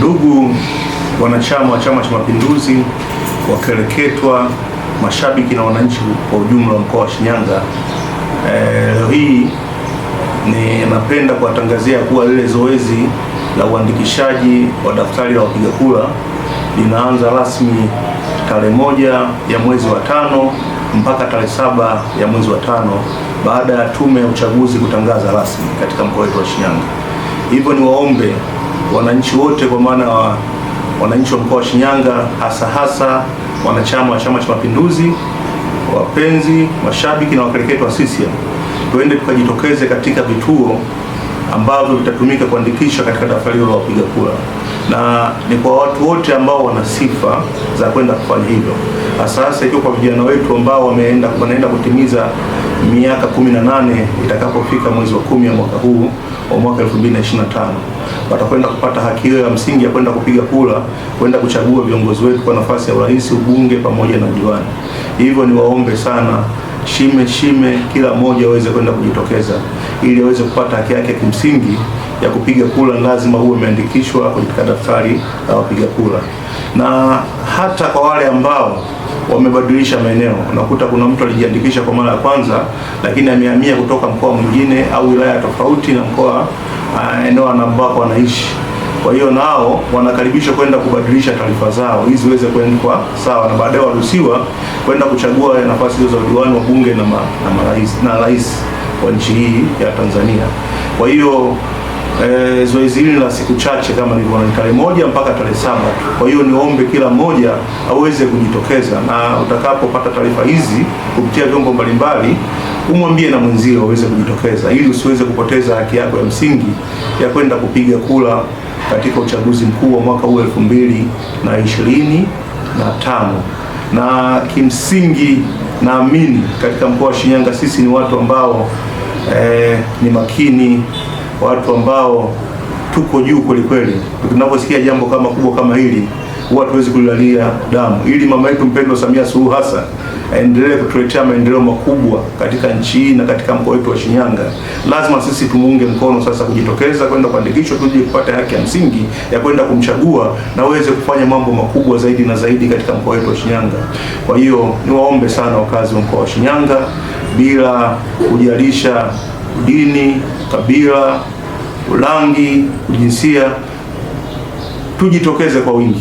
Ndugu wanachama wa Chama cha Mapinduzi, wakereketwa, mashabiki na wananchi kwa ujumla wa mkoa wa Shinyanga, eh, leo eh, hii ninapenda kuwatangazia kuwa lile zoezi la uandikishaji wa daftari la wapiga kura linaanza rasmi tarehe moja ya mwezi wa tano mpaka tarehe saba ya mwezi wa tano baada ya Tume ya Uchaguzi kutangaza rasmi katika mkoa wetu wa Shinyanga. Hivyo ni waombe wananchi wote kwa maana wa wananchi wa mkoa wa Shinyanga, hasa hasa wanachama wa Chama cha Mapinduzi, wapenzi, mashabiki na wakereketo wa CCM, tuende tukajitokeze katika vituo ambavyo vitatumika kuandikisha katika daftari la wapiga kura, na ni kwa watu wote ambao wana sifa za kwenda kufanya hivyo, hasa hasa ikiwa kwa vijana wetu ambao wameenda wanaenda kutimiza miaka 18 itakapofika mwezi wa kumi ya mwaka huu wa mwaka 2025 watakwenda kupata haki hiyo ya msingi ya kwenda kupiga kura, kwenda kuchagua viongozi wetu kwa nafasi ya urais, ubunge pamoja na diwani. Hivyo niwaombe sana shime shime, kila mmoja aweze kwenda kujitokeza ili aweze kupata haki yake ya kimsingi ya kupiga kura. Lazima uwe umeandikishwa katika daftari la wapiga kura, na hata kwa wale ambao wamebadilisha maeneo, unakuta kuna mtu alijiandikisha kwa mara ya kwanza, lakini amehamia kutoka mkoa mwingine au wilaya tofauti na mkoa Ah, eneo ambapo wanaishi. Kwa hiyo nao wanakaribishwa kwenda kubadilisha taarifa zao ili ziweze kuendwa sawa, na baadaye waruhusiwa kwenda kuchagua nafasi hizo za udiwani wa bunge na, na, marais, na rais wa nchi hii ya Tanzania. Kwa hiyo e, zoezi hili la siku chache kama nilivyoona, tarehe moja mpaka tarehe saba. Kwa hiyo niombe kila mmoja aweze kujitokeza, na utakapopata taarifa hizi kupitia vyombo mbalimbali umwambie na mwenzio aweze kujitokeza, ili usiweze kupoteza haki yako ya msingi ya kwenda kupiga kura katika uchaguzi mkuu wa mwaka huu elfu mbili na ishirini na tano na kimsingi naamini katika mkoa wa Shinyanga sisi ni watu ambao eh, ni makini watu ambao tuko juu kwelikweli. Tunaposikia jambo kama kubwa kama hili, huwa tuwezi kulilalia damu, ili mama yetu mpendwa Samia Suluhu Hassan aendelee kutuletea maendeleo makubwa katika nchi hii na katika mkoa wetu wa Shinyanga. Lazima sisi tumuunge mkono sasa, kujitokeza kwenda kuandikishwa, tuje kupata haki ya msingi ya kwenda kumchagua na uweze kufanya mambo makubwa zaidi na zaidi katika mkoa wetu wa Shinyanga. Kwa hiyo niwaombe sana wakazi wa mkoa wa Shinyanga bila kujalisha udini, kabila, ulangi, ujinsia, tujitokeze kwa wingi.